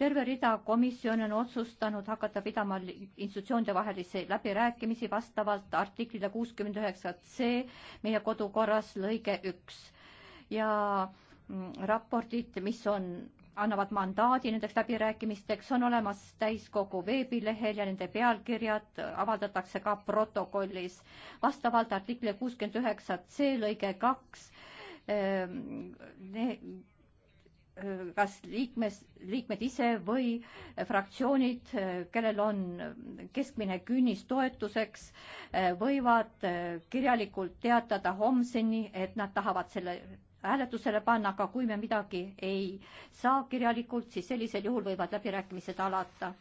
terve rida komisjone on otsustanud hakata pidama institutsioonide vahelisi läbirääkimisi vastavalt artiklile kuuskümmend üheksa C meie kodukorras lõige üks ja mm, raportid, mis on, annavad mandaadi nendeks läbirääkimisteks, on olemas täiskogu veebilehel ja nende pealkirjad avaldatakse ka protokollis. vastavalt artiklile kuuskümmend üheksa C lõige kaks ehm, kas liikmes, liikmed ise või fraktsioonid, kellel on keskmine künnis toetuseks, võivad kirjalikult teatada homseni, et nad tahavad selle hääletusele panna, aga kui me midagi ei saa kirjalikult, siis sellisel juhul võivad läbirääkimised alata.